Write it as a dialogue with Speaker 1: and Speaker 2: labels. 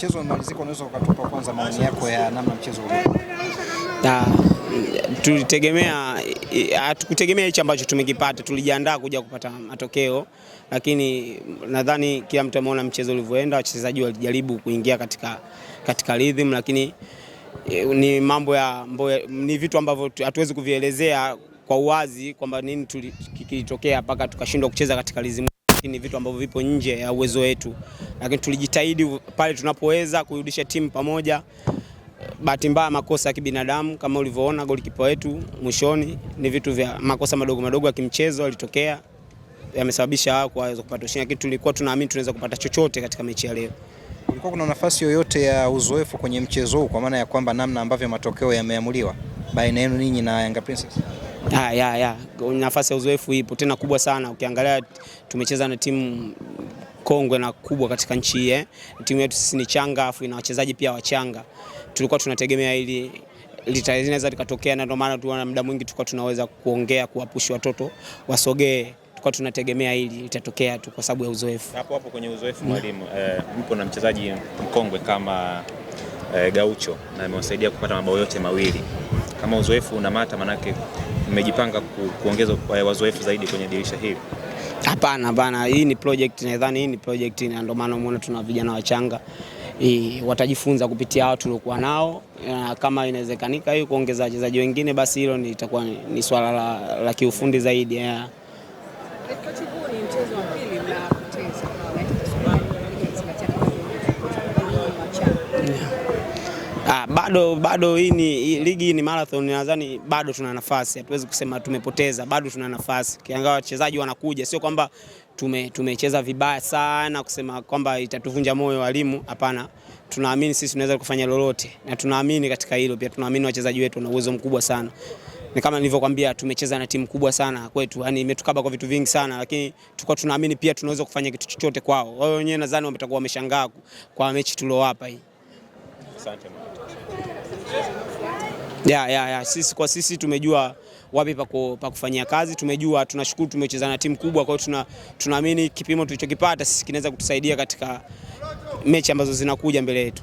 Speaker 1: mchezo umemalizika, unaweza ukatupa kwanza maoni yako ya namna mchezo huu? Ah,
Speaker 2: Na tulitegemea, hatukutegemea hichi ambacho tumekipata. Tulijiandaa kuja kupata matokeo, lakini nadhani kila mtu ameona mchezo ulivyoenda. Wachezaji walijaribu kuingia katika, katika rhythm, lakini eh, ni mambo ya mboe, ni vitu ambavyo hatuwezi kuvielezea kwa uwazi kwamba nini kilitokea mpaka tukashindwa kucheza katika rhythm, lakini vitu ambavyo vipo nje ya uwezo wetu lakini tulijitahidi pale tunapoweza kurudisha timu pamoja. Bahati mbaya makosa ya kibinadamu kama ulivyoona golikipa wetu mwishoni, ni vitu vya makosa madogo madogo ya kimchezo yalitokea, yamesababisha wao kuweza kupata ushindi, lakini tulikuwa tunaamini tunaweza kupata chochote katika mechi ya leo.
Speaker 1: Kulikuwa kuna nafasi yoyote ya uzoefu kwenye mchezo huu, kwa maana ya kwamba namna ambavyo matokeo yameamuliwa baina yenu ninyi na Yanga Princess?
Speaker 2: Ya, ah, ya, ya. Nafasi ya uzoefu ipo tena kubwa sana. Ukiangalia tumecheza na timu kongwe na kubwa katika nchi hii eh. Timu yetu sisi ni changa, afu ina wachezaji pia wachanga, tulikuwa tunategemea ili litaweza likatokea, na ndio maana tuona muda mwingi tulikuwa tunaweza kuongea kuwapushi watoto wasogee kwa tunategemea hili litatokea tu kwa sababu ya uzoefu.
Speaker 1: Hapo hapo kwenye uzoefu mwalimu, eh, mpo na mchezaji mkongwe kama eh, Gaucho na amewasaidia kupata mabao yote mawili. Kama uzoefu unamata, manake mmejipanga ku, kuongeza eh, wazoefu zaidi kwenye dirisha hili.
Speaker 2: Hapana, hapana, hii ni project, nadhani hii ni project, na ndio maana umeona tuna vijana wachanga hii, watajifunza kupitia watu tuliokuwa nao na kama inawezekanika hiyo kuongeza wachezaji wengine, basi hilo litakuwa ni, ni swala la, la kiufundi zaidi yeah. Ah, bado bado hii ni ligi ni marathon, nadhani bado tuna nafasi, hatuwezi kusema tumepoteza, bado tuna nafasi, Kiangawa wachezaji wanakuja, sio kwamba tume tumecheza vibaya sana kusema kwamba itatuvunja moyo walimu, hapana. Tunaamini sisi tunaweza kufanya lolote na tunaamini katika hilo pia, tunaamini wachezaji wetu wana uwezo mkubwa sana ni kama nilivyokuambia, tumecheza na timu kubwa sana kwetu, yani imetukaba kwa vitu vingi sana, lakini tulikuwa tunaamini pia tunaweza kufanya kitu chochote kwao. Wao wenyewe nadhani wametakuwa wameshangaa kwa mechi tuliowapa hii. Asante. Yeah, yeah, yeah. Sisi kwa sisi tumejua wapi pa kufanyia kazi, tumejua. Tunashukuru tumecheza na timu kubwa, kwa hiyo tunaamini tuna kipimo tulichokipata sisi kinaweza kutusaidia katika mechi ambazo zinakuja mbele yetu.